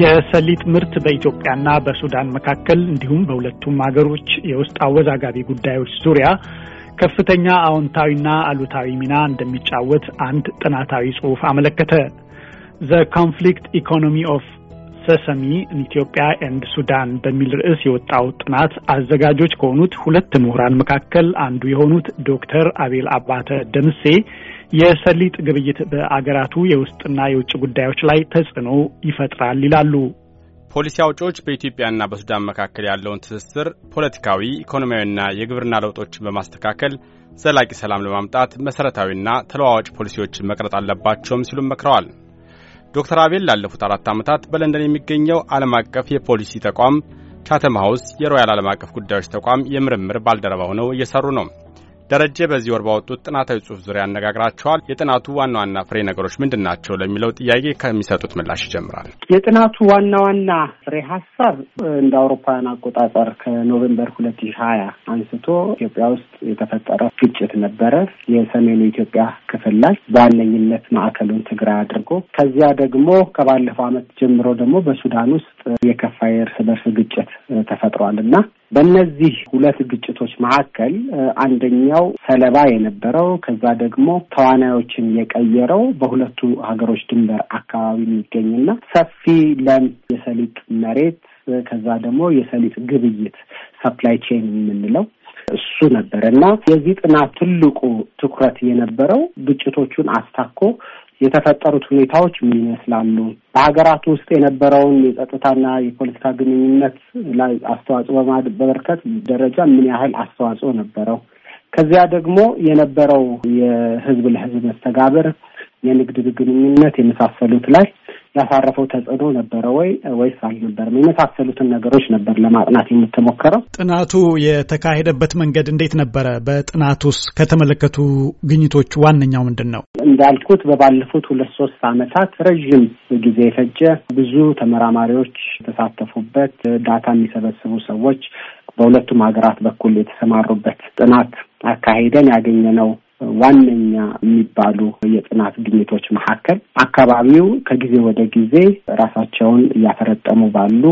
የሰሊጥ ምርት በኢትዮጵያና በሱዳን መካከል እንዲሁም በሁለቱም ሀገሮች የውስጥ አወዛጋቢ ጉዳዮች ዙሪያ ከፍተኛ አዎንታዊና አሉታዊ ሚና እንደሚጫወት አንድ ጥናታዊ ጽሑፍ አመለከተ። ዘ ኮንፍሊክት ኢኮኖሚ ኦፍ ሰሰሚ ኢትዮጵያ ኤንድ ሱዳን በሚል ርዕስ የወጣው ጥናት አዘጋጆች ከሆኑት ሁለት ምሁራን መካከል አንዱ የሆኑት ዶክተር አቤል አባተ ደምሴ የሰሊጥ ግብይት በአገራቱ የውስጥና የውጭ ጉዳዮች ላይ ተጽዕኖ ይፈጥራል ይላሉ። ፖሊሲ አውጪዎች በኢትዮጵያና በሱዳን መካከል ያለውን ትስስር ፖለቲካዊ፣ ኢኮኖሚያዊና የግብርና ለውጦችን በማስተካከል ዘላቂ ሰላም ለማምጣት መሠረታዊና ተለዋዋጭ ፖሊሲዎችን መቅረጥ አለባቸውም ሲሉም መክረዋል። ዶክተር አቤል ላለፉት አራት ዓመታት በለንደን የሚገኘው ዓለም አቀፍ የፖሊሲ ተቋም ቻተም ሃውስ የሮያል ዓለም አቀፍ ጉዳዮች ተቋም የምርምር ባልደረባ ሆነው እየሰሩ ነው። ደረጀ በዚህ ወር ባወጡት ጥናታዊ ጽሑፍ ዙሪያ ያነጋግራቸዋል። የጥናቱ ዋና ዋና ፍሬ ነገሮች ምንድን ናቸው ለሚለው ጥያቄ ከሚሰጡት ምላሽ ይጀምራል። የጥናቱ ዋና ዋና ፍሬ ሀሳብ እንደ አውሮፓውያን አቆጣጠር ከኖቬምበር ሁለት ሺህ ሀያ አንስቶ ኢትዮጵያ ውስጥ የተፈጠረ ግጭት ነበረ። የሰሜኑ ኢትዮጵያ ክፍል ላይ በዋነኝነት ማዕከሉን ትግራይ አድርጎ ከዚያ ደግሞ ከባለፈው ዓመት ጀምሮ ደግሞ በሱዳን ውስጥ የከፋ የእርስ በርስ ግጭት ተፈጥሯል እና በእነዚህ ሁለት ግጭቶች መካከል አንደኛው ሰለባ የነበረው ከዛ ደግሞ ተዋናዮችን የቀየረው በሁለቱ ሀገሮች ድንበር አካባቢ የሚገኝና ሰፊ ለም የሰሊጥ መሬት ከዛ ደግሞ የሰሊጥ ግብይት ሰፕላይ ቼን የምንለው እሱ ነበር እና የዚህ ጥናት ትልቁ ትኩረት የነበረው ግጭቶቹን አስታኮ የተፈጠሩት ሁኔታዎች ምን ይመስላሉ? በሀገራት ውስጥ የነበረውን የጸጥታና የፖለቲካ ግንኙነት ላይ አስተዋጽኦ በበርከት ደረጃ ምን ያህል አስተዋጽኦ ነበረው? ከዚያ ደግሞ የነበረው የህዝብ ለህዝብ መስተጋብር የንግድ ግንኙነት የመሳሰሉት ላይ ያሳረፈው ተጽዕኖ ነበረ ወይ ወይስ አልነበረም? የመሳሰሉትን ነገሮች ነበር ለማጥናት የምትሞከረው። ጥናቱ የተካሄደበት መንገድ እንዴት ነበረ? በጥናቱ ውስጥ ከተመለከቱ ግኝቶች ዋነኛው ምንድን ነው? እንዳልኩት በባለፉት ሁለት ሶስት ዓመታት ረዥም ጊዜ የፈጀ ብዙ ተመራማሪዎች የተሳተፉበት ዳታ የሚሰበስቡ ሰዎች በሁለቱም ሀገራት በኩል የተሰማሩበት ጥናት አካሄደን ያገኘ ነው ዋነኛ የሚባሉ የጥናት ግኝቶች መካከል አካባቢው ከጊዜ ወደ ጊዜ ራሳቸውን እያፈረጠሙ ባሉ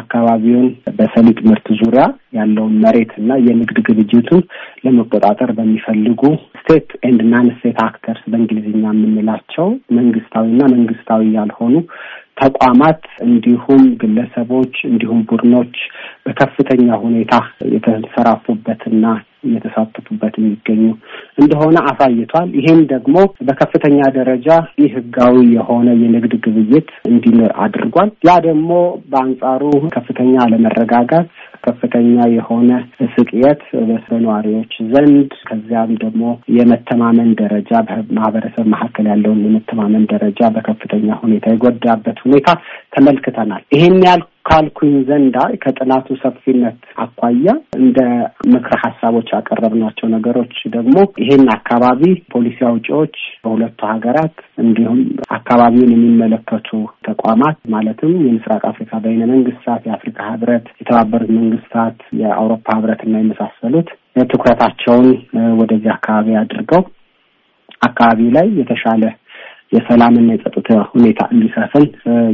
አካባቢውን በሰሊጥ ምርት ዙሪያ ያለውን መሬት እና የንግድ ግብጅቱን ለመቆጣጠር በሚፈልጉ ስቴት ኤንድ ናን ስቴት አክተርስ በእንግሊዝኛ የምንላቸው መንግስታዊና መንግስታዊ ያልሆኑ ተቋማት እንዲሁም ግለሰቦች እንዲሁም ቡድኖች በከፍተኛ ሁኔታ የተንሰራፉበትና እየተሳተፉበት የሚገኙ እንደሆነ አሳይቷል። ይህም ደግሞ በከፍተኛ ደረጃ ይህ ህጋዊ የሆነ የንግድ ግብይት እንዲኖር አድርጓል። ያ ደግሞ በአንጻሩ ከፍተኛ አለመረጋጋት፣ ከፍተኛ የሆነ ስቅየት በነዋሪዎች ዘንድ ከዚያም ደግሞ የመተማመን ደረጃ በማህበረሰብ መካከል ያለውን የመተማመን ደረጃ በከፍተኛ ሁኔታ የጎዳበት ሁኔታ ተመልክተናል። ይሄን ያህል ካልኩኝ ዘንዳ ከጥናቱ ሰፊነት አኳያ እንደ ምክረ ሀሳቦች ያቀረብናቸው ነገሮች ደግሞ ይሄን አካባቢ ፖሊሲ አውጪዎች በሁለቱ ሀገራት እንዲሁም አካባቢውን የሚመለከቱ ተቋማት ማለትም የምስራቅ አፍሪካ በይነ መንግስታት፣ የአፍሪካ ህብረት፣ የተባበሩት መንግስታት፣ የአውሮፓ እና የመሳሰሉት ትኩረታቸውን ወደዚህ አካባቢ አድርገው አካባቢ ላይ የተሻለ የሰላምና የጸጥታ ሁኔታ እንዲሰፍን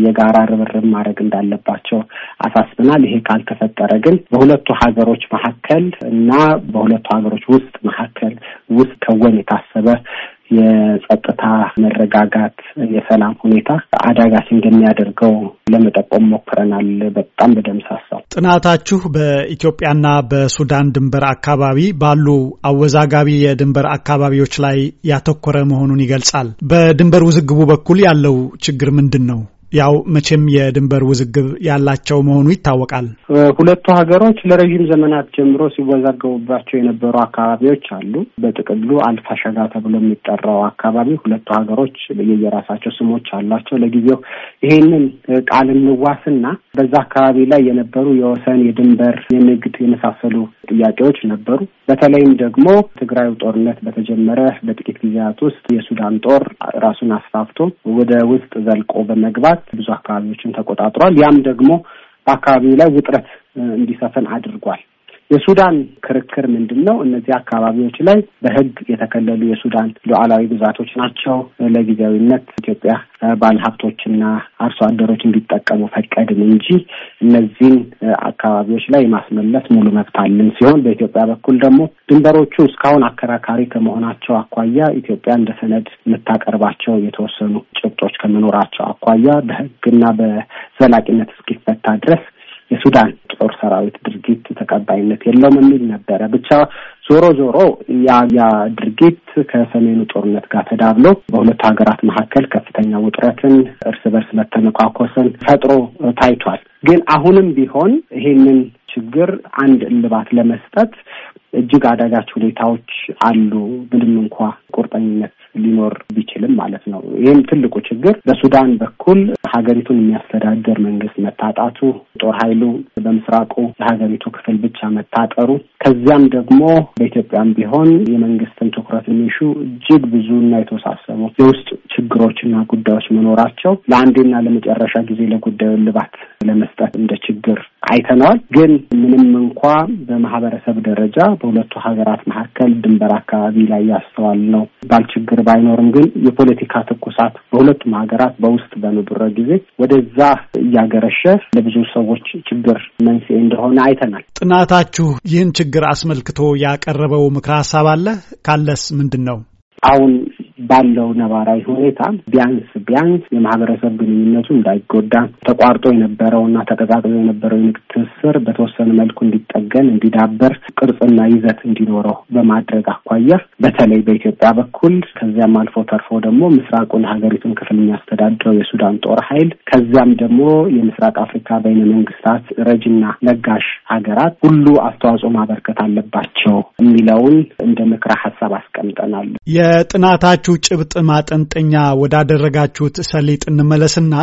የጋራ ርብርብ ማድረግ እንዳለባቸው አሳስብናል። ይሄ ካልተፈጠረ ግን በሁለቱ ሀገሮች መካከል እና በሁለቱ ሀገሮች ውስጥ መካከል ውስጥ ከወን የታሰበ የጸጥታ መረጋጋት፣ የሰላም ሁኔታ አዳጋች እንደሚያደርገው ለመጠቆም ሞክረናል። በጣም በደምሳሳው ጥናታችሁ በኢትዮጵያና በሱዳን ድንበር አካባቢ ባሉ አወዛጋቢ የድንበር አካባቢዎች ላይ ያተኮረ መሆኑን ይገልጻል። በድንበር ውዝግቡ በኩል ያለው ችግር ምንድን ነው? ያው መቼም የድንበር ውዝግብ ያላቸው መሆኑ ይታወቃል። ሁለቱ ሀገሮች ለረዥም ዘመናት ጀምሮ ሲወዛገቡባቸው የነበሩ አካባቢዎች አሉ። በጥቅሉ አልፋሸጋ ተብሎ የሚጠራው አካባቢ ሁለቱ ሀገሮች የየራሳቸው ስሞች አሏቸው። ለጊዜው ይሄንን ቃል እንዋስና በዛ አካባቢ ላይ የነበሩ የወሰን፣ የድንበር፣ የንግድ የመሳሰሉ ጥያቄዎች ነበሩ። በተለይም ደግሞ ትግራዩ ጦርነት በተጀመረ በጥቂት ጊዜያት ውስጥ የሱዳን ጦር ራሱን አስፋፍቶ ወደ ውስጥ ዘልቆ በመግባት ብዙ አካባቢዎችን ተቆጣጥሯል። ያም ደግሞ በአካባቢው ላይ ውጥረት እንዲሰፈን አድርጓል። የሱዳን ክርክር ምንድን ነው? እነዚህ አካባቢዎች ላይ በህግ የተከለሉ የሱዳን ሉዓላዊ ግዛቶች ናቸው። ለጊዜያዊነት ኢትዮጵያ ባለሀብቶችና አርሶ አደሮች እንዲጠቀሙ ፈቀድን እንጂ እነዚህን አካባቢዎች ላይ የማስመለስ ሙሉ መብት አለን ሲሆን በኢትዮጵያ በኩል ደግሞ ድንበሮቹ እስካሁን አከራካሪ ከመሆናቸው አኳያ ኢትዮጵያ እንደ ሰነድ የምታቀርባቸው የተወሰኑ ጭብጦች ከመኖራቸው አኳያ በህግና በዘላቂነት እስኪፈታ ድረስ የሱዳን ጦር ሰራዊት ድርጊት ተቀባይነት የለውም የሚል ነበረ። ብቻ ዞሮ ዞሮ ያ ያ ድርጊት ከሰሜኑ ጦርነት ጋር ተዳብሎ በሁለቱ ሀገራት መካከል ከፍተኛ ውጥረትን፣ እርስ በርስ መተነኳኮስን ፈጥሮ ታይቷል። ግን አሁንም ቢሆን ይሄንን ችግር አንድ እልባት ለመስጠት እጅግ አዳጋች ሁኔታዎች አሉ። ምንም እንኳ ቁርጠኝነት ሊኖር ቢችልም ማለት ነው። ይህም ትልቁ ችግር በሱዳን በኩል ሀገሪቱን የሚያስተዳድር መንግስት መታጣቱ፣ ጦር ኃይሉ በምስራቁ የሀገሪቱ ክፍል ብቻ መታጠሩ፣ ከዚያም ደግሞ በኢትዮጵያም ቢሆን የመንግስትን ትኩረት የሚሹ እጅግ ብዙ እና የተወሳሰቡ የውስጥ ችግሮችና ጉዳዮች መኖራቸው ለአንዴና ለመጨረሻ ጊዜ ለጉዳዩ ልባት ለመስጠት እንደ ችግር አይተነዋል። ግን ምንም እንኳ በማህበረሰብ ደረጃ በሁለቱ ሀገራት መካከል ድንበር አካባቢ ላይ ያስተዋል ነው ባልችግር ባይኖርም ግን የፖለቲካ ትኩሳት በሁለቱም ሀገራት በውስጥ በነበረ ጊዜ ወደዛ እያገረሸ ለብዙ ሰዎች ችግር መንስኤ እንደሆነ አይተናል። ጥናታችሁ ይህን ችግር አስመልክቶ ያቀረበው ምክረ ሀሳብ አለ? ካለስ ምንድን ነው? አሁን ባለው ነባራዊ ሁኔታ ቢያንስ ቢያንስ የማህበረሰብ ግንኙነቱ እንዳይጎዳ ተቋርጦ የነበረውና ተቀዛቅዞ የነበረው የንግድ ትስስር በተወሰነ መልኩ እንዲጠገን፣ እንዲዳበር፣ ቅርጽና ይዘት እንዲኖረው በማድረግ አኳያ በተለይ በኢትዮጵያ በኩል ከዚያም አልፎ ተርፎ ደግሞ ምስራቁን ሀገሪቱን ክፍል የሚያስተዳድረው የሱዳን ጦር ኃይል ከዚያም ደግሞ የምስራቅ አፍሪካ በይነ መንግስታት ረጅና ለጋሽ ሀገራት ሁሉ አስተዋጽኦ ማበርከት አለባቸው የሚለውን እንደ ምክረ ሀሳብ አስቀምጠናል። የጥናታችሁ ለሰጣችሁ ጭብጥ ማጠንጠኛ ወዳደረጋችሁት ሰሊጥ እንመለስና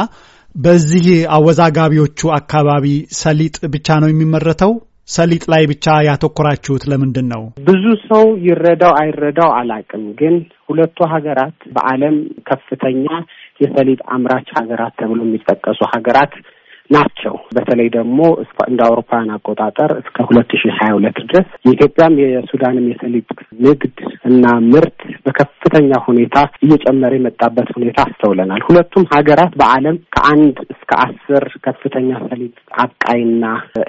በዚህ አወዛጋቢዎቹ አካባቢ ሰሊጥ ብቻ ነው የሚመረተው? ሰሊጥ ላይ ብቻ ያተኮራችሁት ለምንድን ነው? ብዙ ሰው ይረዳው አይረዳው አላቅም፣ ግን ሁለቱ ሀገራት በዓለም ከፍተኛ የሰሊጥ አምራች ሀገራት ተብሎ የሚጠቀሱ ሀገራት ናቸው። በተለይ ደግሞ እንደ አውሮፓውያን አቆጣጠር እስከ ሁለት ሺህ ሀያ ሁለት ድረስ የኢትዮጵያም የሱዳንም የሰሊጥ ንግድ እና ምርት በከፍተኛ ሁኔታ እየጨመረ የመጣበት ሁኔታ አስተውለናል። ሁለቱም ሀገራት በዓለም ከአንድ እስከ አስር ከፍተኛ ሰሊጥ አብቃይና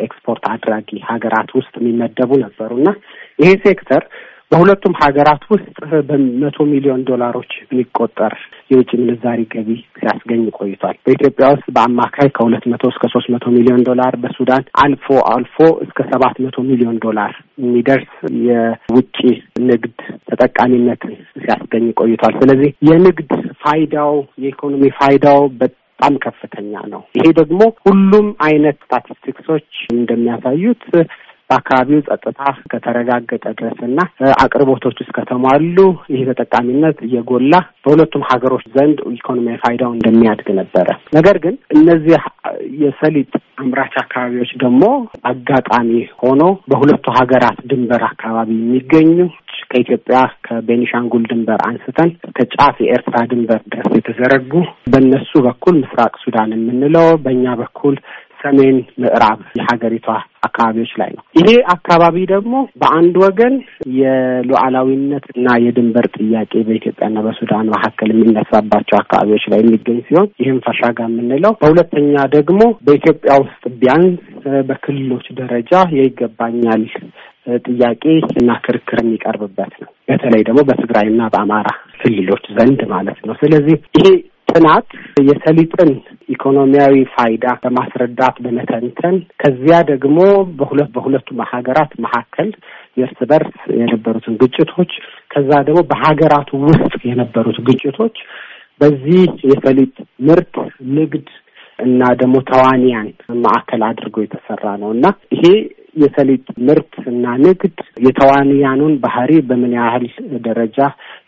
ኤክስፖርት አድራጊ ሀገራት ውስጥ የሚመደቡ ነበሩ እና ይሄ ሴክተር በሁለቱም ሀገራት ውስጥ በመቶ ሚሊዮን ዶላሮች የሚቆጠር የውጭ ምንዛሪ ገቢ ሲያስገኝ ቆይቷል። በኢትዮጵያ ውስጥ በአማካይ ከሁለት መቶ እስከ ሶስት መቶ ሚሊዮን ዶላር በሱዳን አልፎ አልፎ እስከ ሰባት መቶ ሚሊዮን ዶላር የሚደርስ የውጭ ንግድ ተጠቃሚነትን ሲያስገኝ ቆይቷል። ስለዚህ የንግድ ፋይዳው የኢኮኖሚ ፋይዳው በጣም ከፍተኛ ነው። ይሄ ደግሞ ሁሉም አይነት ስታቲስቲክሶች እንደሚያሳዩት በአካባቢው ጸጥታ ከተረጋገጠ ድረስ እና አቅርቦቶች ከተሟሉ ይህ ተጠቃሚነት እየጎላ በሁለቱም ሀገሮች ዘንድ ኢኮኖሚያዊ ፋይዳው እንደሚያድግ ነበረ። ነገር ግን እነዚህ የሰሊጥ አምራች አካባቢዎች ደግሞ አጋጣሚ ሆኖ በሁለቱ ሀገራት ድንበር አካባቢ የሚገኙ ከኢትዮጵያ ከቤኒሻንጉል ድንበር አንስተን ከጫፍ የኤርትራ ድንበር ድረስ የተዘረጉ በእነሱ በኩል ምስራቅ ሱዳን የምንለው በእኛ በኩል ሰሜን ምዕራብ የሀገሪቷ አካባቢዎች ላይ ነው። ይሄ አካባቢ ደግሞ በአንድ ወገን የሉዓላዊነት እና የድንበር ጥያቄ በኢትዮጵያና በሱዳን መካከል የሚነሳባቸው አካባቢዎች ላይ የሚገኝ ሲሆን ይህም ፈሻጋ የምንለው፣ በሁለተኛ ደግሞ በኢትዮጵያ ውስጥ ቢያንስ በክልሎች ደረጃ የይገባኛል ጥያቄ እና ክርክር የሚቀርብበት ነው። በተለይ ደግሞ በትግራይና በአማራ ክልሎች ዘንድ ማለት ነው። ስለዚህ ይሄ ጥናት የሰሊጥን ኢኮኖሚያዊ ፋይዳ በማስረዳት በመተንተን ከዚያ ደግሞ በሁለት በሁለቱም ሀገራት መካከል የእርስ በርስ የነበሩትን ግጭቶች ከዛ ደግሞ በሀገራቱ ውስጥ የነበሩት ግጭቶች በዚህ የሰሊጥ ምርት ንግድ እና ደግሞ ተዋንያን ማዕከል አድርጎ የተሰራ ነው እና ይሄ የሰሊጥ ምርት እና ንግድ የተዋንያኑን ባህሪ በምን ያህል ደረጃ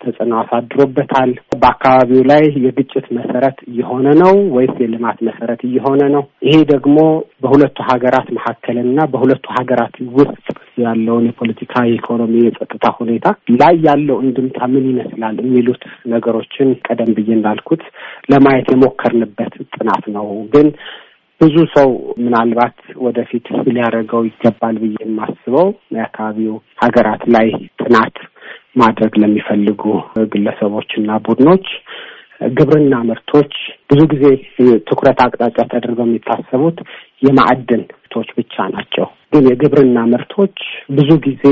ተጽዕኖ አሳድሮበታል? በአካባቢው ላይ የግጭት መሰረት እየሆነ ነው ወይስ የልማት መሰረት እየሆነ ነው? ይሄ ደግሞ በሁለቱ ሀገራት መካከልና በሁለቱ ሀገራት ውስጥ ያለውን የፖለቲካ፣ የኢኮኖሚ፣ የጸጥታ ሁኔታ ላይ ያለው እንድምታ ምን ይመስላል የሚሉት ነገሮችን ቀደም ብዬ እንዳልኩት ለማየት የሞከርንበት ጥናት ነው ግን ብዙ ሰው ምናልባት ወደፊት ሊያደርገው ይገባል ብዬ የማስበው የአካባቢው ሀገራት ላይ ጥናት ማድረግ ለሚፈልጉ ግለሰቦችና ቡድኖች ግብርና ምርቶች ብዙ ጊዜ ትኩረት አቅጣጫ ተደርገው የሚታሰቡት የማዕድን ምርቶች ብቻ ናቸው። ግን የግብርና ምርቶች ብዙ ጊዜ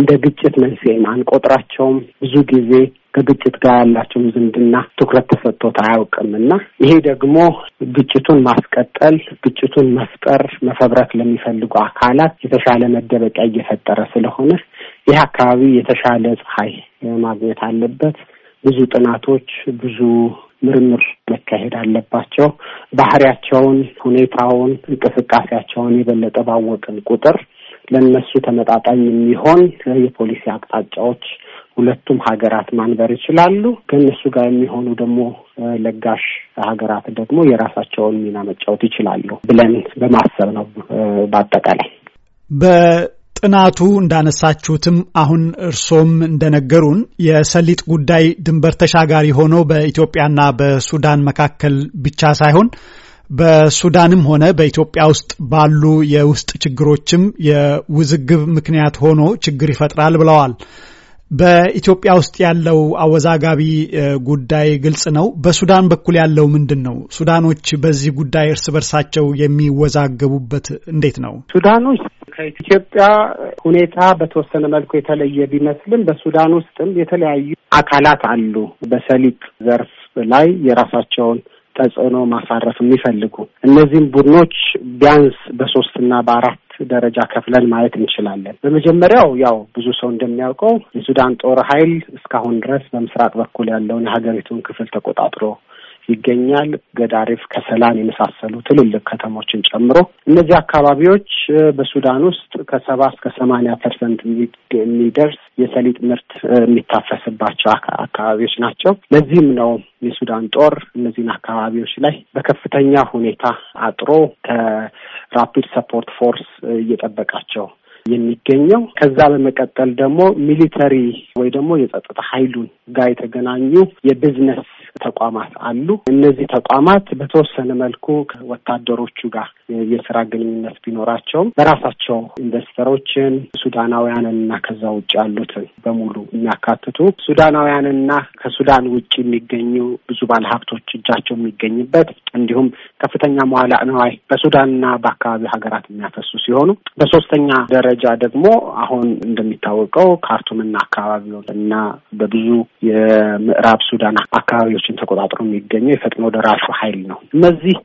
እንደ ግጭት መንስኤም አንቆጥራቸውም። ብዙ ጊዜ ከግጭት ጋር ያላቸውም ዝምድና ትኩረት ተሰጥቶት አያውቅም እና ይሄ ደግሞ ግጭቱን ማስቀጠል፣ ግጭቱን መፍጠር፣ መፈብረት ለሚፈልጉ አካላት የተሻለ መደበቂያ እየፈጠረ ስለሆነ ይህ አካባቢ የተሻለ ፀሐይ ማግኘት አለበት። ብዙ ጥናቶች፣ ብዙ ምርምር መካሄድ አለባቸው። ባህሪያቸውን፣ ሁኔታውን፣ እንቅስቃሴያቸውን የበለጠ ባወቅን ቁጥር ለእነሱ ተመጣጣኝ የሚሆን የፖሊሲ አቅጣጫዎች ሁለቱም ሀገራት ማንበር ይችላሉ። ከእነሱ ጋር የሚሆኑ ደግሞ ለጋሽ ሀገራት ደግሞ የራሳቸውን ሚና መጫወት ይችላሉ ብለን በማሰብ ነው። በአጠቃላይ በጥናቱ እንዳነሳችሁትም አሁን እርሶም እንደነገሩን የሰሊጥ ጉዳይ ድንበር ተሻጋሪ ሆኖ በኢትዮጵያና በሱዳን መካከል ብቻ ሳይሆን በሱዳንም ሆነ በኢትዮጵያ ውስጥ ባሉ የውስጥ ችግሮችም የውዝግብ ምክንያት ሆኖ ችግር ይፈጥራል ብለዋል። በኢትዮጵያ ውስጥ ያለው አወዛጋቢ ጉዳይ ግልጽ ነው። በሱዳን በኩል ያለው ምንድን ነው? ሱዳኖች በዚህ ጉዳይ እርስ በርሳቸው የሚወዛገቡበት እንዴት ነው? ሱዳኖች ከኢትዮጵያ ሁኔታ በተወሰነ መልኩ የተለየ ቢመስልም በሱዳን ውስጥም የተለያዩ አካላት አሉ በሰሊጥ ዘርፍ ላይ የራሳቸውን ተጽዕኖ ማሳረፍ የሚፈልጉ እነዚህም ቡድኖች ቢያንስ በሶስትና በአራት ደረጃ ከፍለን ማየት እንችላለን። በመጀመሪያው ያው ብዙ ሰው እንደሚያውቀው የሱዳን ጦር ኃይል እስካሁን ድረስ በምስራቅ በኩል ያለውን የሀገሪቱን ክፍል ተቆጣጥሮ ይገኛል። ገዳሪፍ፣ ከሰላን የመሳሰሉ ትልልቅ ከተሞችን ጨምሮ እነዚህ አካባቢዎች በሱዳን ውስጥ ከሰባ እስከ ሰማንያ ፐርሰንት የሚደርስ የሰሊጥ ምርት የሚታፈስባቸው አካባቢዎች ናቸው። ለዚህም ነው የሱዳን ጦር እነዚህን አካባቢዎች ላይ በከፍተኛ ሁኔታ አጥሮ ከራፒድ ሰፖርት ፎርስ እየጠበቃቸው የሚገኘው። ከዛ በመቀጠል ደግሞ ሚሊተሪ ወይ ደግሞ የጸጥታ ኃይሉን ጋር የተገናኙ የቢዝነስ ተቋማት አሉ። እነዚህ ተቋማት በተወሰነ መልኩ ከወታደሮቹ ጋር የስራ ግንኙነት ቢኖራቸውም በራሳቸው ኢንቨስተሮችን ሱዳናውያንንና ከዛ ውጭ ያሉትን በሙሉ የሚያካትቱ ሱዳናውያንና ከሱዳን ውጭ የሚገኙ ብዙ ባለሀብቶች እጃቸው የሚገኝበት እንዲሁም ከፍተኛ መዋዕለ ንዋይ በሱዳንና በአካባቢው ሀገራት የሚያፈሱ ሲሆኑ በሶስተኛ ደረ ደረጃ ደግሞ አሁን እንደሚታወቀው ካርቱምና አካባቢው እና በብዙ የምዕራብ ሱዳን አካባቢዎችን ተቆጣጥሮ የሚገኘው የፈጥኖ ደራሹ ኃይል ነው። እነዚህ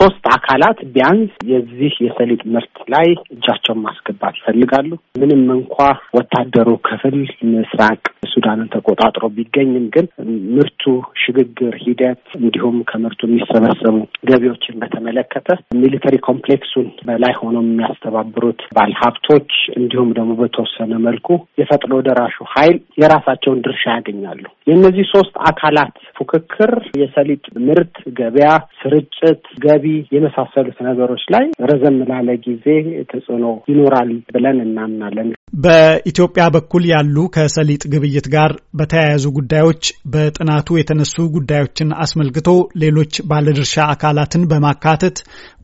ሶስት አካላት ቢያንስ የዚህ የሰሊጥ ምርት ላይ እጃቸውን ማስገባት ይፈልጋሉ። ምንም እንኳ ወታደሩ ክፍል ምስራቅ ሱዳንን ተቆጣጥሮ ቢገኝም ግን ምርቱ ሽግግር ሂደት እንዲሁም ከምርቱ የሚሰበሰቡ ገቢዎችን በተመለከተ ሚሊተሪ ኮምፕሌክሱን በላይ ሆኖ የሚያስተባብሩት ባለሀብቶች እንዲሁም ደግሞ በተወሰነ መልኩ የፈጥኖ ደራሹ ኃይል የራሳቸውን ድርሻ ያገኛሉ። የእነዚህ ሶስት አካላት ፉክክር የሰሊጥ ምርት ገበያ፣ ስርጭት፣ ገቢ የመሳሰሉት ነገሮች ላይ ረዘም ላለ ጊዜ ተጽዕኖ ይኖራል ብለን እናምናለን። በኢትዮጵያ በኩል ያሉ ከሰሊጥ ግብይት ጋር በተያያዙ ጉዳዮች በጥናቱ የተነሱ ጉዳዮችን አስመልክቶ ሌሎች ባለድርሻ አካላትን በማካተት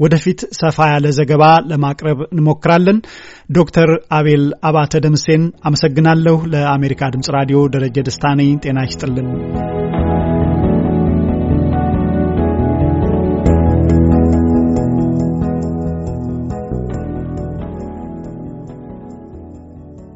ወደፊት ሰፋ ያለ ዘገባ ለማቅረብ እንሞክራለን። ዶክተር አቤል አባተ ደምሴን አመሰግናለሁ። ለአሜሪካ ድምጽ ራዲዮ ደረጀ ደስታ ነኝ። ጤና ይስጥልን።